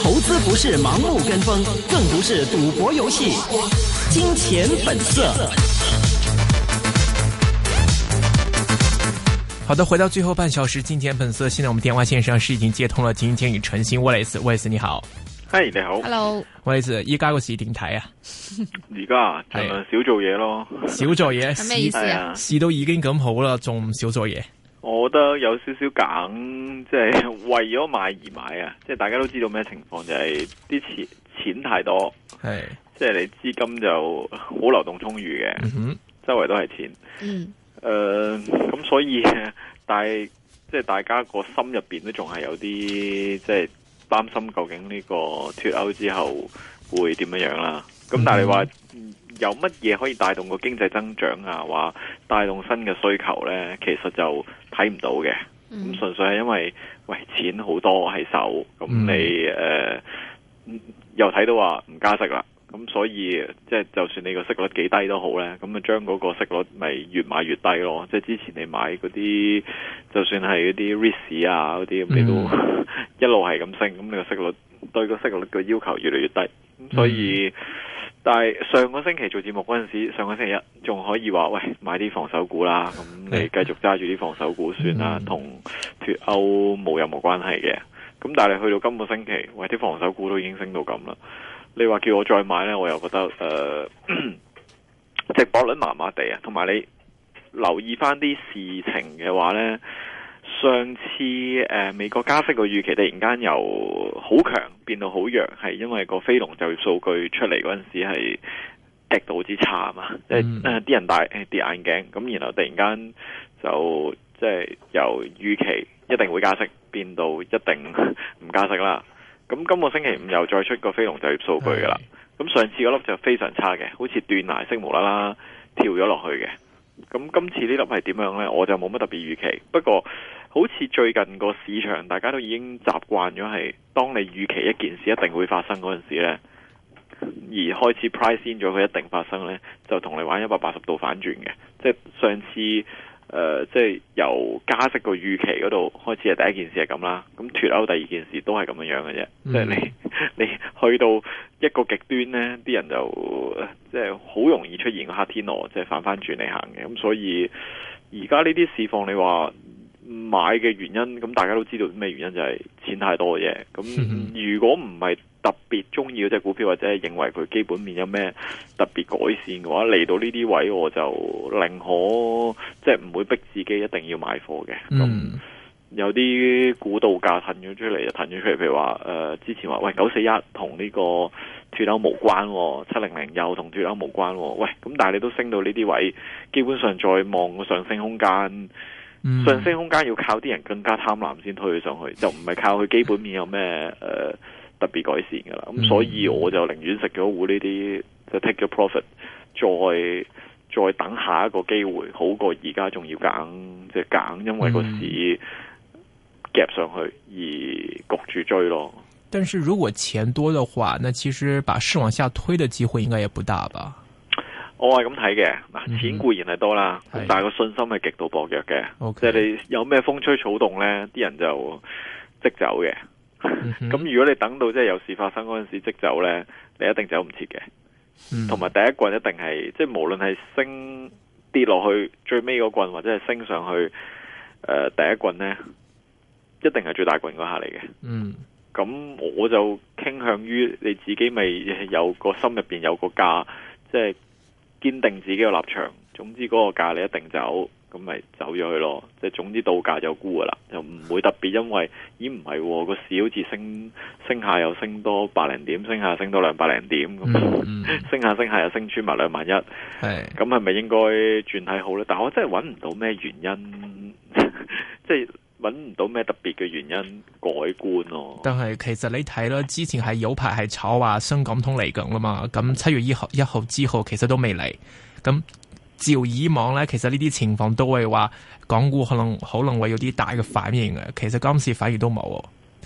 投資不是盲目跟風，更不是賭博遊戲。金錢本色。ノ 好的，回到最後半小時，金錢本色。現在我們電話線上是已經接通了。今天與陳昕，Wallace，Wallace 你好。嗨，你好。Hello，Wallace，依家個時點睇啊？依家啊，少做嘢咯，少做嘢。咩、哎、意思啊？事都已經咁好啦，仲唔少做嘢？我覺得有少少揀，即、就、係、是、為咗買而買啊！即、就、係、是、大家都知道咩情況，就係啲錢錢太多，係即係你資金就好流動充裕嘅，嗯、哼周圍都係錢。嗯，誒、呃，咁所以，但係即係大家個心入邊都仲係有啲即係擔心，究竟呢個脫歐之後會點樣樣啦？咁但係你話、嗯、哼有乜嘢可以帶動個經濟增長啊？話帶動新嘅需求呢，其實就。睇唔到嘅，咁純粹係因為喂錢好多喺手，咁你誒、嗯呃、又睇到話唔加息啦，咁所以即係就算你的息就個息率幾低都好咧，咁啊將嗰個息率咪越買越低咯，即係之前你買嗰啲就算係嗰啲 risk 啊嗰啲，你都 一路係咁升，咁你息個息率對個息率嘅要求越嚟越低，咁所以。嗯但係上個星期做節目嗰陣時，上個星期一仲可以話，喂買啲防守股啦，咁你繼續揸住啲防守股算啦，同脫歐冇任何關係嘅。咁但係去到今個星期，喂啲防守股都已經升到咁啦，你話叫我再買呢，我又覺得誒、呃、值博率麻麻地啊，同埋你留意翻啲事情嘅話呢。上次誒、呃、美國加息個預期突然間由好強變到好弱，係因為個非農就業數據出嚟嗰陣時係極度之差啊嘛，即係啲人跌啲眼鏡，咁然後突然間就即係由預期一定會加息變到一定唔加息啦。咁今個星期五又再出個非農就業數據㗎啦。咁是的 上次嗰粒就非常差嘅，好似斷崖式無啦啦跳咗落去嘅。咁今次呢粒係點樣呢？我就冇乜特別預期。不過好似最近個市場，大家都已經習慣咗係，當你預期一件事一定會發生嗰陣時呢，而開始 price in 咗佢一定發生呢，就同你玩一百八十度反轉嘅。即係上次。誒、呃，即係由加息個預期嗰度開始係第一件事係咁啦，咁脱歐第二件事都係咁樣樣嘅啫，mm hmm. 即係你你去到一個極端呢啲人就即係好容易出現個黑天鵝，即係反翻轉嚟行嘅，咁所以而家呢啲市況你話買嘅原因，咁大家都知道咩原因就係錢太多嘅嘢，咁如果唔係。特別中意嗰隻股票，或者係認為佢基本面有咩特別改善嘅話，嚟到呢啲位置，我就寧可即係唔會逼自己一定要買貨嘅。咁、嗯、有啲股度價騰咗出嚟，就騰咗出嚟，譬如話誒、呃，之前話喂，九四一同呢個脫歐無關、哦，七零零又同脫歐無關、哦，喂咁，但係你都升到呢啲位，基本上再望個上升空間，上升空間要靠啲人更加貪婪先推佢上去，就唔係靠佢基本面有咩誒。呃特別改善噶啦，咁、嗯、所以我就寧願食咗糊呢啲，就是、take 咗 profit，再再等下一個機會，好過而家仲要揀，即係揀，因為個市夾、嗯、上去而焗住追咯。但是如果錢多的話，那其實把市往下推的機會應該也不大吧？我係咁睇嘅，嗱，錢固然係多啦，但係、嗯、個信心係極度薄弱嘅。O K，即係你有咩風吹草動呢？啲人就即走嘅。咁、嗯、如果你等到即係有事發生嗰陣時即走呢，你一定走唔切嘅。同埋、嗯、第一棍一定係，即係無論係升跌落去最尾個棍，或者係升上去、呃、第一棍呢，一定係最大棍嗰下嚟嘅。嗯，咁我就傾向於你自己咪有個心入邊有個價，即係堅定自己個立場。總之嗰個價你一定走。咁咪走咗去咯，即係總之到價就沽噶啦，又唔會特別因為咦唔係個市好似升升下又升多百零點，升下又升多兩百零點，咁、嗯嗯、升下升下又升穿埋兩萬一，係咁係咪應該轉睇好咧？但係我真係揾唔到咩原因，即係揾唔到咩特別嘅原因改觀咯、啊。但係其實你睇囉，之前係有排係炒話深港通嚟緊㗎嘛，咁七月一號一號之後其實都未嚟，咁。照以往呢，其實呢啲情況都會話港股可能可能會有啲大嘅反應嘅。其實今次反而都冇，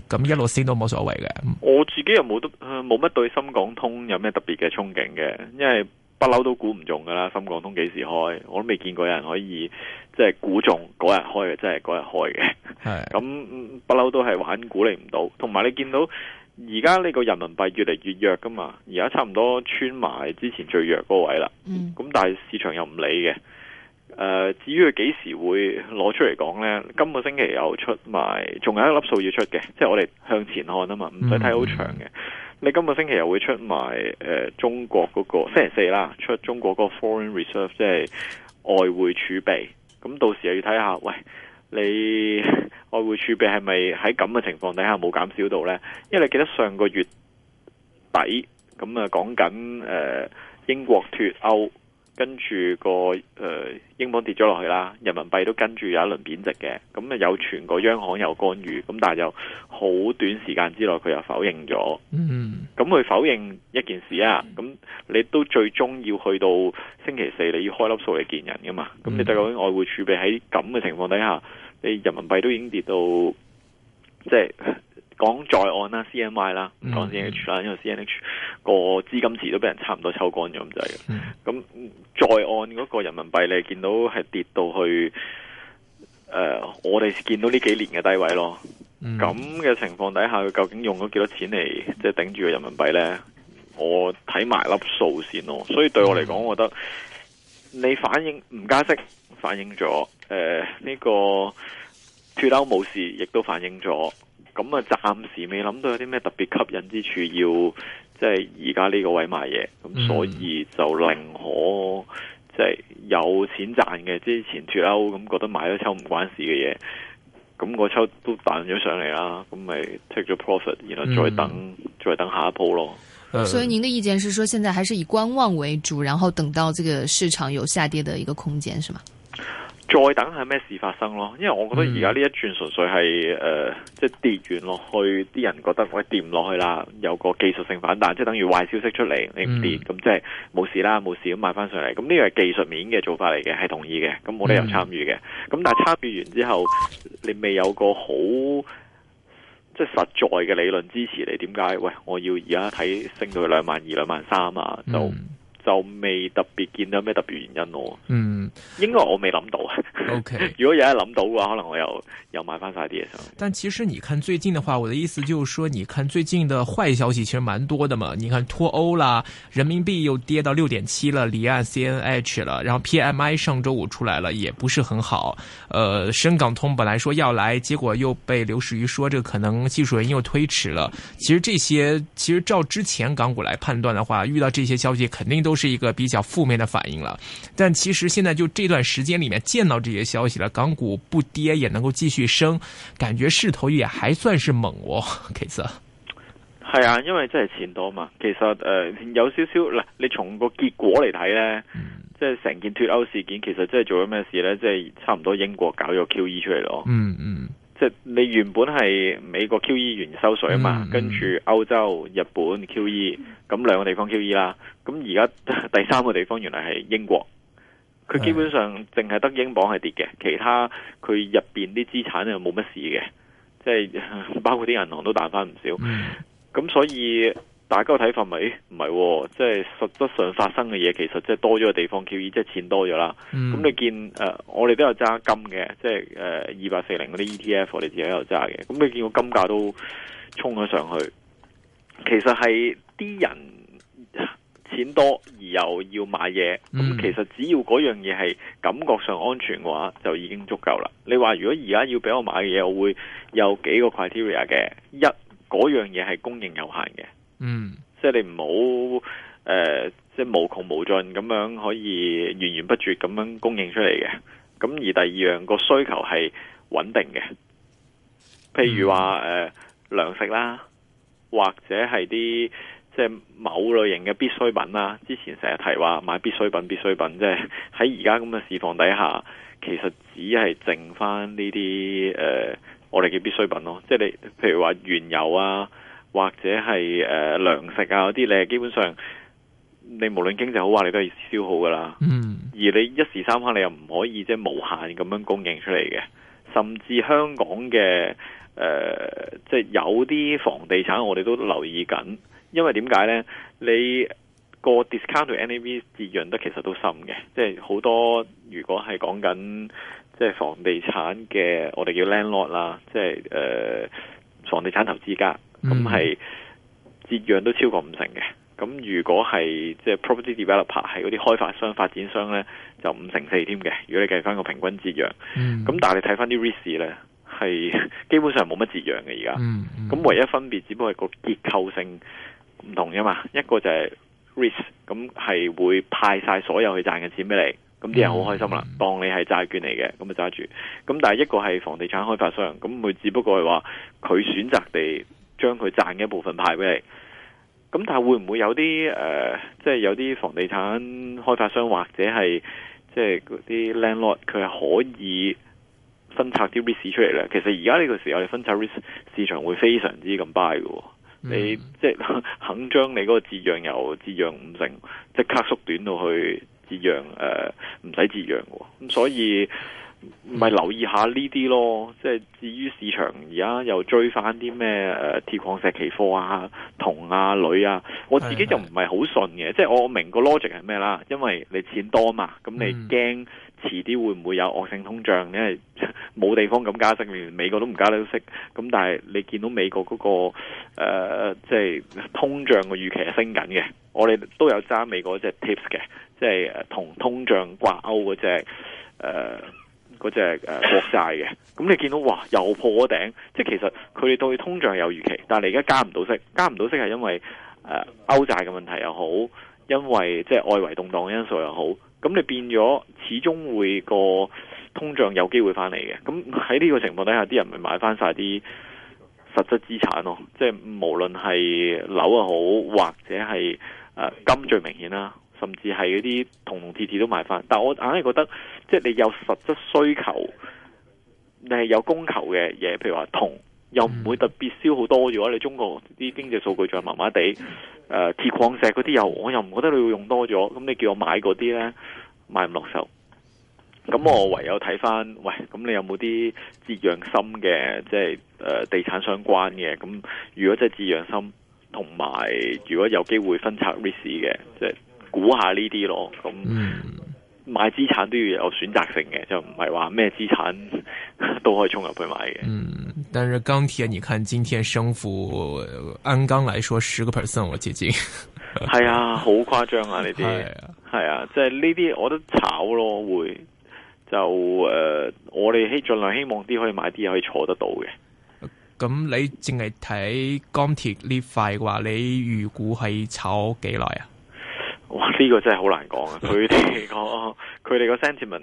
咁一路先都冇所謂嘅。我自己又冇得冇乜對深港通有咩特別嘅憧憬嘅，因為不嬲都估唔中㗎喇。深港通幾時開，我都未見過有人可以即係估中嗰日開嘅，即係嗰日開嘅。係咁是的 不嬲都係玩估你唔到，同埋你見到。而家呢個人民幣越嚟越弱噶嘛，而家差唔多穿埋之前最弱嗰位啦。咁、嗯、但係市場又唔理嘅。誒、呃，至於佢幾時會攞出嚟講呢？今個星期又出埋，仲有一粒數要出嘅，即係我哋向前看啊嘛，唔使睇好長嘅。嗯、你今個星期又會出埋、呃、中國嗰、個星期四啦，出中國嗰個 foreign reserve，即係外匯儲備。咁到時又要睇下，喂。你外匯儲備係咪喺咁嘅情況底下冇減少到呢？因為你記得上個月底咁啊，講緊、呃、英國脫歐。跟住個誒、呃、英鎊跌咗落去啦，人民幣都跟住有一輪貶值嘅，咁啊有傳個央行有干預，咁但係又好短時間之內佢又否認咗。嗯，咁佢否認一件事啊，咁、嗯、你都最終要去到星期四，你要開粒數嚟見人㗎嘛？咁、嗯、你對外匯儲備喺咁嘅情況底下，你人民幣都已經跌到即係。講在岸、啊、啦、CNY 啦、嗯、講 c n 啦，因為 CNH 個資金池都俾人差唔多抽乾咗咁滯。咁在岸嗰個人民幣你見到係跌到去誒、呃，我哋見到呢幾年嘅低位咯。咁嘅、嗯、情況底下，佢究竟用咗幾多錢嚟即係頂住個人民幣咧？我睇埋粒數先咯。所以對我嚟講，我覺得、嗯、你反映唔加息，反映咗誒呢個脫歐冇事，亦都反映咗。咁啊，暫時未諗到有啲咩特別吸引之處，要即係而家呢個位賣嘢，咁所以就寧可即係有錢賺嘅之前脫歐，咁覺得買咗抽唔關事嘅嘢，咁個抽都彈咗上嚟啦，咁咪 take 咗 profit，然後再等，嗯、再等下一波咯。所以您的意見是說，現在還是以觀望為主，然後等到這個市場有下跌的一個空間，是嗎？再等係咩事發生咯？因為我覺得而家呢一轉純粹係誒、嗯呃，即係跌完落去啲人覺得喂，跌唔落去啦，有個技術性反彈，即係等於壞消息出嚟，你唔跌咁、嗯、即係冇事啦，冇事咁買翻上嚟。咁呢個係技術面嘅做法嚟嘅，係同意嘅。咁冇理由參與嘅。咁、嗯、但係參與完之後，你未有個好即係實在嘅理論支持你？點解喂？我要而家睇升到去兩萬二、兩萬三啊？就、嗯就未特別見到咩特別原因咯、啊。嗯，應該我未諗到。OK，如果有人諗到嘅話，可能我又又買翻晒啲嘢上。但其實你看最近的話，我的意思就是說，你看最近的壞消息其實蠻多的嘛。你看脫歐啦，人民幣又跌到六點七了，離岸 C N H 了，然後 P M I 上週五出來了，也不是很好。呃，深港通本來說要來，結果又被劉士余說，這個、可能技術原因又推遲了。其實這些其實照之前港股來判斷的話，遇到這些消息肯定都。都是一個比較負面的反應了，但其實現在就這段時間裡面見到這些消息了，港股不跌也能夠繼續升，感覺勢頭也還算是猛，哦。其實，係啊，因為真係錢多嘛。其實，誒、呃，有少少嗱，你從個結果嚟睇呢，即係成件脫歐事件，其實真係做咗咩事呢？即、就、係、是、差唔多英國搞咗 QE 出嚟咯，嗯。嗯嗯。即係你原本係美國 QE 完收水啊嘛，跟住歐洲、日本 QE，咁兩個地方 QE 啦，咁而家第三個地方原來係英國，佢基本上淨係得英鎊係跌嘅，其他佢入邊啲資產咧冇乜事嘅，即係包括啲銀行都彈翻唔少，咁所以。大家個睇法咪唔係喎，即係實質上發生嘅嘢，其實即係多咗個地方 QE，即係錢多咗啦。咁、嗯、你見誒、呃，我哋都有揸金嘅，即係誒二八四零嗰啲 ETF，我哋自己都有揸嘅。咁你見個金價都沖咗上去，其實係啲人錢多而又要買嘢，咁、嗯、其實只要嗰樣嘢係感覺上安全嘅話，就已經足夠啦。你話如果而家要俾我買嘅嘢，我會有幾個 criteria 嘅，一嗰樣嘢係供應有限嘅。嗯，即係你唔好誒，即係無窮無盡咁樣可以源源不絕咁樣供應出嚟嘅。咁而第二樣個需求係穩定嘅，譬如話誒糧食啦，或者係啲即係某類型嘅必需品啦。之前成日提話買必需品，必需品即係喺而家咁嘅市況底下，其實只係剩翻呢啲誒，我哋嘅必需品咯。即係你譬如話原油啊。或者係誒、呃、糧食啊嗰啲咧，你基本上你無論經濟好壞，你都係消耗噶啦。嗯。而你一時三刻你又唔可以即係無限咁樣供應出嚟嘅，甚至香港嘅誒即係有啲房地產我哋都留意緊，因為點解咧？你個 discount to NAV 折讓得其實都深嘅，即係好多如果係講緊即係房地產嘅，我哋叫 landlord 啦，即係誒房地產投資家。咁係折讓都超過五成嘅，咁如果係即係、就是、property developer，係嗰啲開發商、發展商咧，就五成四添嘅。如果你計翻個平均折讓，咁、嗯、但係睇翻啲 REITs 咧，係基本上冇乜折讓嘅而家。咁、嗯嗯、唯一分別，只不過係個結構性唔同啫嘛。一個就係 REITs，咁係會派晒所有佢賺嘅錢俾你，咁啲人好開心啦，嗯嗯、當你係債券嚟嘅，咁就揸住。咁但係一個係房地產開發商，咁佢只不過係話佢選擇地。將佢賺嘅一部分派俾你，咁但係會唔會有啲誒，即係有啲房地產開發商或者係即係、就、啲、是、landlord，佢係可以分拆啲 risk 出嚟呢？其實而家呢個時候，你分拆 risk 市場會非常之咁 buy 嘅，你即係、就是、肯,肯將你嗰個置讓由置讓五成即刻縮短到去置讓誒唔使置讓喎。咁所以。唔係、嗯、留意下呢啲咯，即係至於市場而家又追翻啲咩，誒鐵礦石期貨啊、銅啊、鋁啊，我自己就唔係好信嘅。即係是我明個 logic 係咩啦？因為你錢多嘛，咁你驚遲啲會唔會有惡性通脹？嗯、因為冇地方咁加息，連美國都唔加得息。咁但係你見到美國嗰，那個誒即係通脹嘅預期係升緊嘅，我哋都有揸美國隻 tips 嘅，即係同通脹掛鈎嗰隻誒。呃嗰隻誒國債嘅，咁你見到哇又破頂，即係其實佢哋對通脹有預期，但你而家加唔到息，加唔到息係因為誒、呃、歐債嘅問題又好，因為即係外圍動盪嘅因素又好，咁你變咗始終會個通脹有機會翻嚟嘅，咁喺呢個情況底下，啲人咪買翻晒啲實質資產咯，即係無論係樓又好，或者係誒、呃、金最明顯啦。甚至係嗰啲銅鐵鐵都買翻，但我硬係覺得，即係你有實質需求，你係有供求嘅嘢，譬如話銅，又唔會特別燒好多咗。你中國啲經濟數據仲係麻麻地，鐵礦石嗰啲又，我又唔覺得你會用多咗。咁你叫我買嗰啲呢，買唔落手。咁我唯有睇翻，喂，咁你有冇啲折讓深嘅，即係、呃、地產相關嘅？咁如果真係折讓深，同埋如果有機會分拆 risk 嘅，即估下呢啲咯，咁、嗯、買資產都要有選擇性嘅，就唔係話咩資產都可以衝入去買嘅。嗯，但係鋼鐵，你看今天升幅，鞍鋼來說十個 percent 我接近，係啊，好誇張啊呢啲，係啊，即係呢啲我都炒咯，會就誒，我哋希盡量希望啲可以買啲可以坐得到嘅。咁、嗯、你淨係睇鋼鐵呢塊嘅話，你預估係炒幾耐啊？哇！呢個真係好難講啊，佢哋個佢哋個 sentiment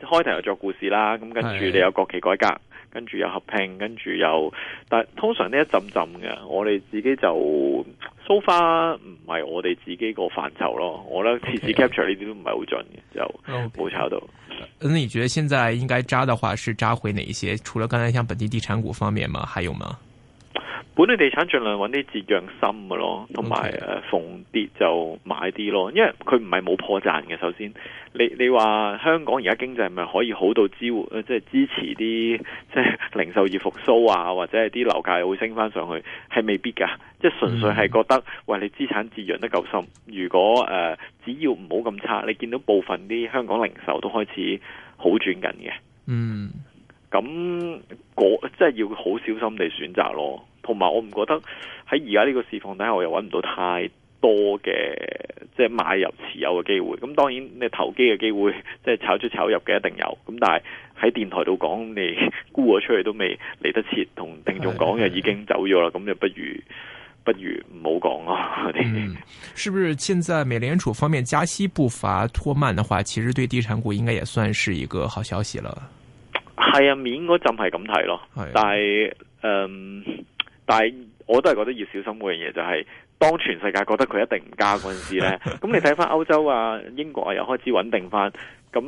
開頭又作故事啦，咁跟住你有國企改革，跟住有合併，跟住有，但係通常呢一浸浸嘅，我哋自己就 So far，唔係我哋自己個範疇咯，我覺得次次 capture 呢啲都唔係好準嘅，Okay. 就冇炒到？咁，okay. 你覺得現在應該揸嘅話是揸回哪一些？除了剛才像本地地產股方面嗎？還有嗎？本地地產盡量搵啲折讓深嘅咯，同埋誒逢跌就買啲咯，因為佢唔係冇破綻嘅。首先，你你話香港而家經濟係咪可以好到支援即係支持啲即係零售業復甦啊，或者係啲樓價會升翻上去，係未必噶。即係純粹係覺得，嗯、喂，你資產折讓得夠深。如果誒、呃、只要唔好咁差，你見到部分啲香港零售都開始好轉緊嘅。嗯，咁即係要好小心地選擇咯。同埋我唔覺得喺而家呢個市況底下，我又揾唔到太多嘅即係買入持有嘅機會。咁當然你投機嘅機會，即係炒出炒入嘅一定有。咁但係喺電台度講，你估我出去都未嚟得切，同聽眾講又已經走咗啦。咁、哎、呀就不如不如唔好講咯。嗯，是不是現在美聯儲方面加息步伐拖慢嘅話，其實對地產股應該也算是一個好消息啦。係啊，面嗰陣係咁睇咯，但係嗯。但係我都係覺得要小心嗰樣嘢，就係、是、當全世界覺得佢一定唔加嗰陣時呢咁 你睇翻歐洲啊、英國啊，又開始穩定翻。咁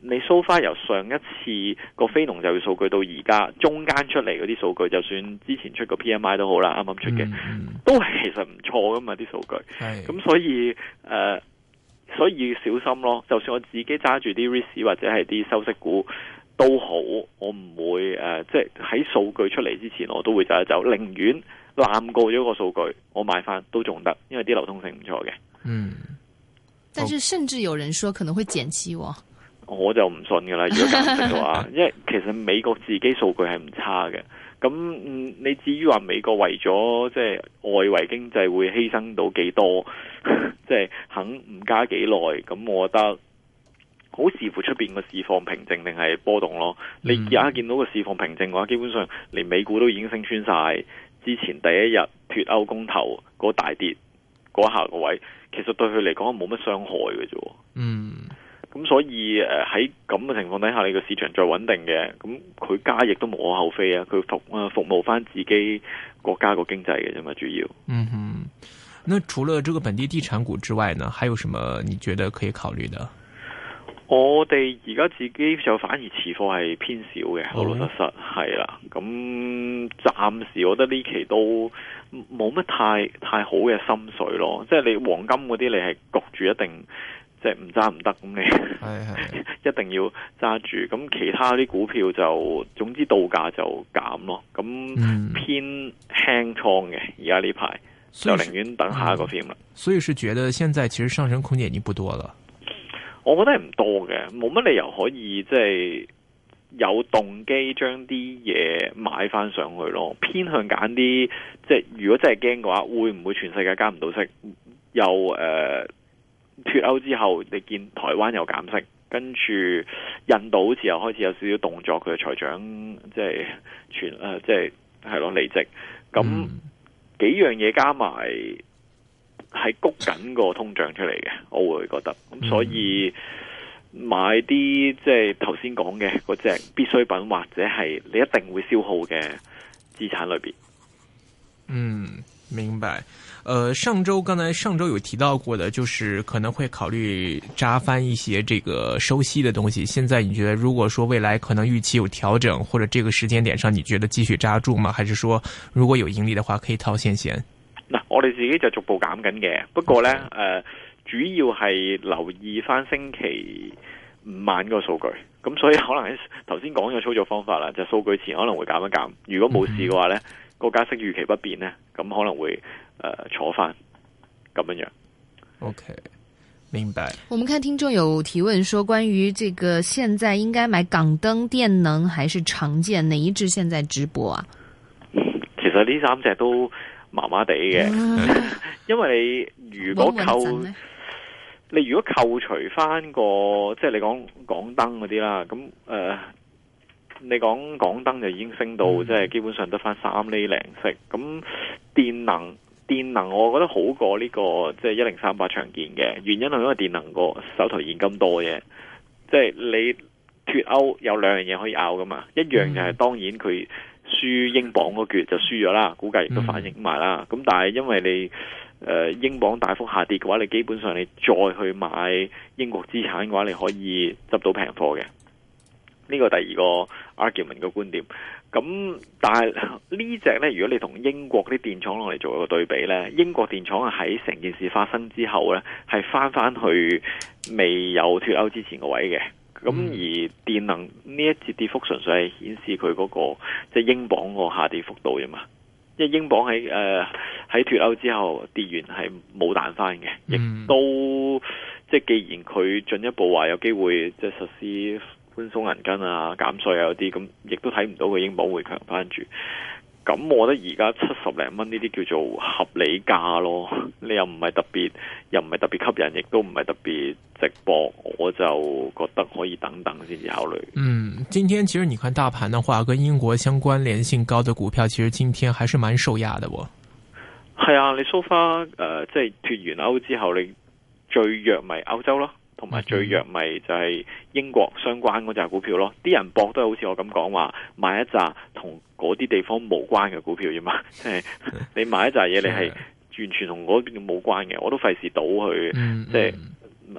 你 so far 由上一次個非農就業數據到而家中間出嚟嗰啲數據，就算之前出個 P M I、嗯、都好啦，啱啱出嘅，都係其實唔錯㗎嘛啲數據。咁的所以誒、呃，所以要小心咯。就算我自己揸住啲 risk 或者係啲收息股。都好，我唔會誒、呃，即係喺數據出嚟之前，我都會走一走，寧願濫過咗個數據，我買翻都仲得，因為啲流通性唔錯嘅。嗯，但是甚至有人說可能會減息喎，好我就唔信噶啦，如果咁樣嘅話， 因為其實美國自己數據係唔差嘅，咁、嗯、你至於話美國為咗即係外圍經濟會犧牲到幾多，即係 肯唔加幾耐，咁我覺得。好視乎出面個市況平靜定係波動咯。你而家見到個市況平靜嘅話，嗯、基本上連美股都已經升穿晒。之前第一日脫歐公投嗰大跌嗰下個位，其實對佢嚟講冇乜傷害嘅啫。嗯，咁所以喺咁嘅情況底下，你個市場再穩定嘅，咁佢加亦都無可厚非啊。佢服啊服務翻自己國家個經濟嘅啫嘛，主要。嗯哼，那除了這個本地地產股之外呢，還有什麼你覺得可以考慮的？我哋而家自己就反而持貨係偏少嘅，老老、哦、實實係啦。咁、哦、暫時我覺得呢期都冇乜太太好嘅心水咯。即係你黃金嗰啲，你係焗住一定即係唔揸唔得，咁你係係、哎、 一定要揸住。咁其他啲股票就總之到價就減咯。咁偏輕倉嘅而家呢排，就寧願等下一個片啦。嗯、了所以是覺得現在其實上升空間已經不多了。我覺得係唔多嘅，冇乜理由可以即係、就是、有動機將啲嘢買翻上去咯。偏向揀啲即係，如果真係驚嘅話，會唔會全世界加唔到息？又誒脱、呃、歐之後，你見台灣又減息，跟住印度好似又開始有少少動作，佢財長即係、就是、全誒即係係咯離職，咁、嗯、幾樣嘢加埋。係谷緊個通脹出嚟嘅，我會覺得咁，所以買啲即係頭先講嘅嗰隻必需品或或者係你一定會消耗嘅資產裏邊。嗯，明白。誒、呃，上周剛才上周有提到過的，就是可能會考慮揸返一些這個收息的東西。現在你覺得，如果說未來可能預期有調整，或者這個時間點上，你覺得繼續揸住嗎？還是說如果有盈利的話，可以套現先？嗱，我哋自己就逐步減緊嘅，不過呢，誒 Okay.、呃，主要係留意翻星期五晚個數據，咁所以可能喺頭先講咗操作方法啦，就是、數據前可能會減一減，如果冇事嘅話呢，個加息預期不變呢，咁可能會誒、呃、坐翻咁樣樣。OK，明白。我們看聽眾有提問說，關於這個現在應該買港燈、電能還是長建，哪一隻現在直播啊？其實呢三隻都。麻麻地嘅，嗯、因為你如果扣你如果扣除翻、那個即係、就是、你講港燈嗰啲啦，咁誒、呃、你講港燈就已經升到即係、嗯、基本上得翻三厘零息。咁電能電能，電能我覺得好過呢、這個即係一零三八長建嘅原因係因為電能個手頭現金多嘅，即、就、係、是、你脫歐有兩樣嘢可以拗㗎嘛，一樣就係當然佢。嗯輸英鎊嗰橛就輸咗啦，估計亦都反映埋啦。咁、嗯、但係因為你、呃、英鎊大幅下跌嘅話，你基本上你再去買英國資產嘅話，你可以執到平貨嘅。呢個第二個 argument 嘅觀點。咁但係呢隻呢，如果你同英國啲電廠落嚟做一個對比呢，英國電廠喺成件事發生之後呢，係翻翻去未有脱歐之前個位嘅。咁、嗯、而電能呢一節跌幅純粹係顯示佢嗰、那個即係、就是、英鎊個下跌幅度啫嘛，因為英鎊喺誒喺脱歐之後跌完係冇彈翻嘅，亦、嗯、都即係既然佢進一步話有機會即係實施寬鬆銀根啊減稅啊嗰啲，咁亦都睇唔到佢英鎊會強翻住。咁，我覺得而家七十零蚊呢啲叫做合理價咯。你又唔係特別，又唔係特別吸引，亦都唔係特別直播，我就覺得可以等等先考慮。嗯，今天其實你看大盤的話，跟英國相關聯性高的股票，其實今天還是蠻受壓的。喎，係啊，你 so far 誒，即係脱完歐之後，你最弱咪歐洲咯。同埋最弱咪就係英國相關嗰隻股票咯，啲人博都係好似我咁講話，買一紮同嗰啲地方無關嘅股票啫嘛，即係 你買一紮嘢，你係完全同嗰邊冇關嘅，我都費事賭去， 即係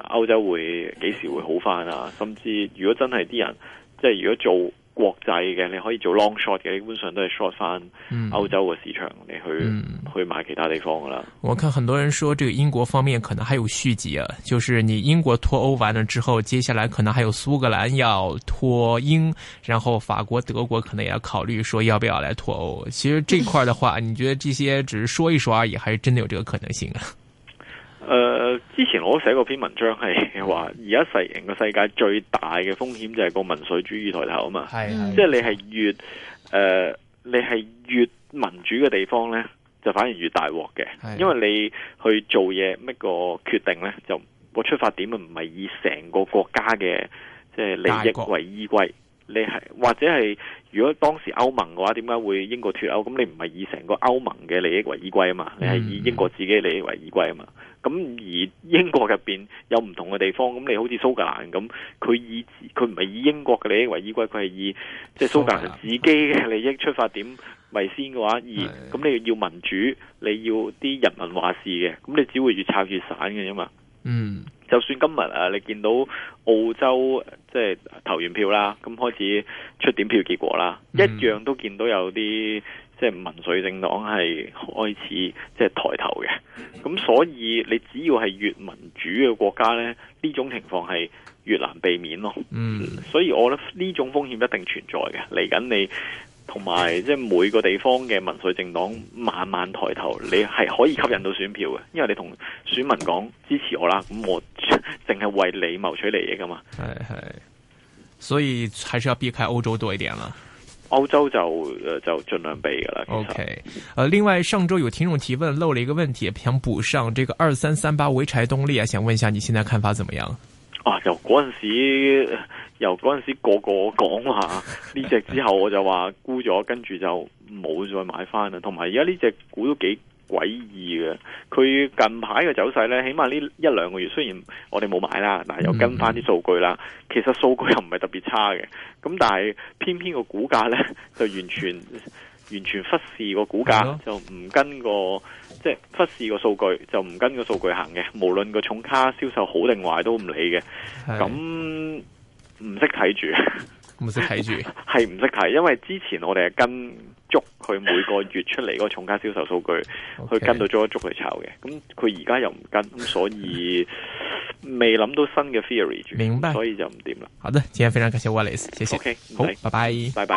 歐洲會幾時會好翻啊？甚至如果真係啲人即係如果做。國際嘅你可以做 long short 嘅，基本上都係 short 翻歐洲嘅市場，嗯、你去、嗯、去買其他地方噶啦。我看很多人說，這個英國方面可能還有續集，啊，就是你英國脫歐完了之後，接下來可能還有蘇格蘭要脫英，然後法國、德國可能也要考慮說要不要來脫歐。其實這塊的話， 你覺得這些只是說一說而已，還是真的有這個可能性啊？誒、呃、之前我寫過篇文章係話，而家世成個世界最大嘅風險就係個民粹主，主義抬頭啊嘛，是是即係你係越誒、呃，你係越民主嘅地方呢，就反而越大鑊嘅，是的 因為你去做嘢乜個決定呢？就個出發點唔係以成個國家嘅即係利益為依歸。你係或者係，如果當時歐盟嘅話，點解會英國脱歐？咁你唔係以成個歐盟嘅利益為依歸啊嘛，你係以英國自己嘅利益為依歸啊嘛。咁而英國入邊有唔同嘅地方，咁你好似蘇格蘭咁，佢以佢唔係以英國嘅利益為依歸，佢係以即係蘇格蘭自己嘅利益出發點為先嘅話，而咁的你要民主，你要啲人民話事嘅，咁你只會越拆越散嘅啫嘛。嗯。就算今日啊，你見到澳洲即係投完票啦，咁開始出點票結果啦，嗯、一樣都見到有啲即係民粹政黨係開始即係抬頭嘅。咁、嗯、所以你只要係越民主嘅國家呢，呢種情況係越難避免咯。嗯，所以我覺得呢種風險一定存在嘅，嚟緊你。同埋即係每個地方嘅民粹政黨慢慢抬頭，你係可以吸引到選票嘅，因為你同選民講，支持我啦，咁我淨係為你謀取利益噶嘛。係係，所以還是要避開歐洲多一點啦。歐洲就，就盡就盡量避噶啦。OK，呃，另外上周有聽眾提問漏了一個問題，想補上，這個二三三八濰柴動力啊，想問一下你現在看法怎麼樣？哇！由嗰陣時，由嗰陣時個個講話呢隻之後，我就話沽咗，跟住就冇再買翻啦。同埋而家呢隻股都幾詭異嘅，佢近排嘅走勢呢，起碼呢一兩個月，雖然我哋冇買啦，但係又跟翻啲數據啦，嗯嗯其實數據又唔係特別差嘅。咁但係偏偏個股價呢，就完全完全忽視個股價，就唔跟個。即係忽視個數據，就唔跟個數據行嘅。無論個重卡銷售好定壞都唔理嘅。咁唔識睇住，唔識睇住，係唔識睇。因為之前我哋係跟足佢每個月出嚟個重卡銷售數據， 去跟到足一捉去炒嘅。咁佢而家又唔跟，咁所以未諗到新嘅 theory 住。明白，所以就唔掂啦。好的，今日非常感謝 Wallace，謝謝。OK，好，拜拜，拜拜。